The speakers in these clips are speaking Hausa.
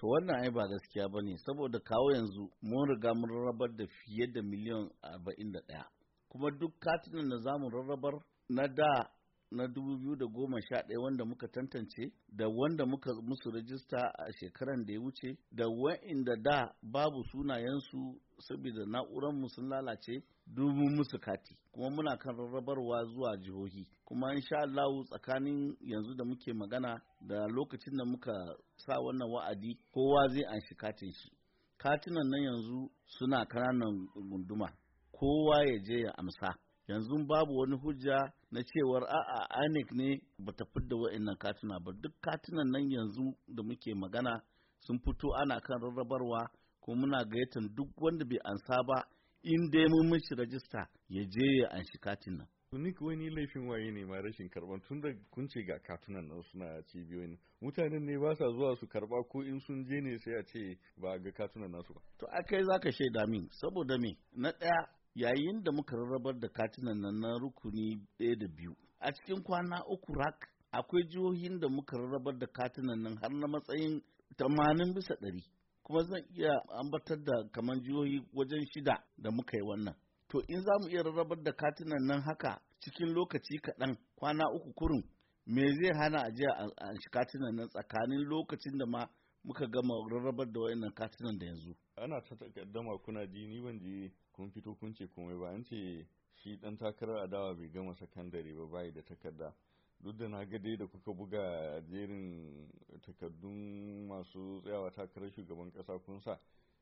To wannan ai ba gaskiya ba ne saboda kawo yanzu mun riga mun rarrabar da fiye da miliyan arba'in da ɗaya. Kuma duk katunan da zamu rarrabar na da na 2011 wanda muka tantance da wanda muka musu rajista a shekaran da ya wuce da wa'inda da babu sunayensu saboda na'uranmu sun lalace dubu musu kati kuma muna kan rarrabarwa zuwa jihohi kuma insha Allah tsakanin yanzu da muke magana da lokacin da muka sa wannan wa'adi kowa zai an shi katin shi katinan nan yanzu suna kananan gunduma kowa ya je ya amsa yanzu babu wani hujja na cewar a'a INEC ne ba ta fidda wa'annan katuna ba duk katunan nan yanzu da muke magana sun fito ana kan rarrabarwa kuma muna gayyatar duk wanda bai ansa ba in dai mun mishi rajista ya je ya anshi katin nan ni wani laifin waye ne ma rashin karban tun da kun ce ga katunan nan suna ne mutanen ne ba sa zuwa su karba ko in sun je ne sai a ce ba ga katunan nasu ba to akai zaka shaida min saboda me na ɗaya. yayin da muka rarrabar da katinan nan na rukuni ɗaya da biyu a cikin kwana uku rak akwai jihohin da muka rarrabar da katinan nan har na matsayin tamanin bisa ɗari kuma zan iya ambatar da kamar jihohi wajen shida da muka yi wannan to in za mu iya rarrabar da katinan nan haka cikin lokaci kaɗan kwana uku kurun me zai hana a je a shi katinan nan tsakanin lokacin da ma muka gama rarrabar da wayannan katunan da yanzu ana ta takaddama kuna ji ni ban ji kun fito kun ce komai ba an ce shi dan takarar adawa bai gama sakandare ba bai da takarda duk da na gade da kuka buga jerin takardun masu tsayawa takarar shugaban kasa kun sa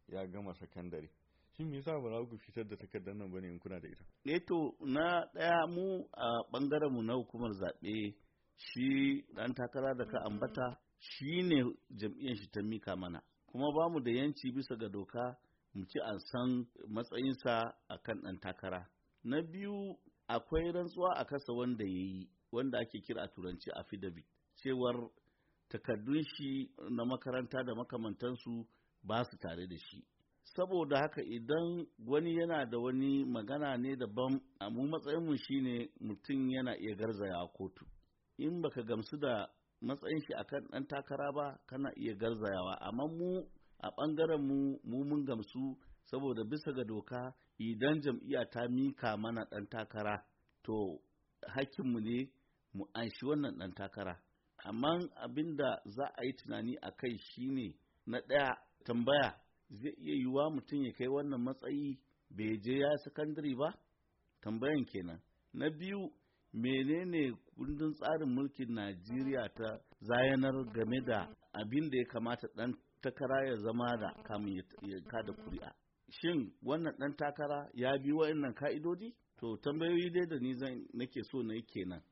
ya gama sakandare shin me yasa ba za ku fitar da takardar nan bane in kuna da ita eh to na daya mu a bangaren mu na hukumar zabe shi dan takara da ka ambata shi ne jam'iyyar shi ta mika mana kuma ba mu da yanci bisa ga doka mu ci an san matsayinsa a kan ɗan takara na biyu akwai rantsuwa a kasa wanda ya yi wanda ake kira a turanci affidavit cewar takardun shi na makaranta da makamantansu ba su tare da shi saboda haka idan wani yana da wani magana ne daban mu matsayinmu shine mutum yana iya garzaya kotu in baka gamsu da matsayin shi akan ɗan takara ba kana iya garzayawa amma mu a ɓangaren mu mu mun gamsu saboda bisa ga doka idan jam'iyya ta mika mana ɗan takara to hakkinmu ne mu anshi wannan ɗan takara amma abin da za a yi tunani a kai shine na ɗaya tambaya zai iya yiwuwa mutum ya kai wannan matsayi bai je ya sakandare ba tambayan kenan na biyu menene kundin tsarin mulkin najeriya ta zayanar game da abin da ya kamata ɗan takara ya zama da kamun ya kada kuri'a shin wannan ɗan takara ya bi wa'annan ka'idodi to tambayoyi dai da ni nake so na yi kenan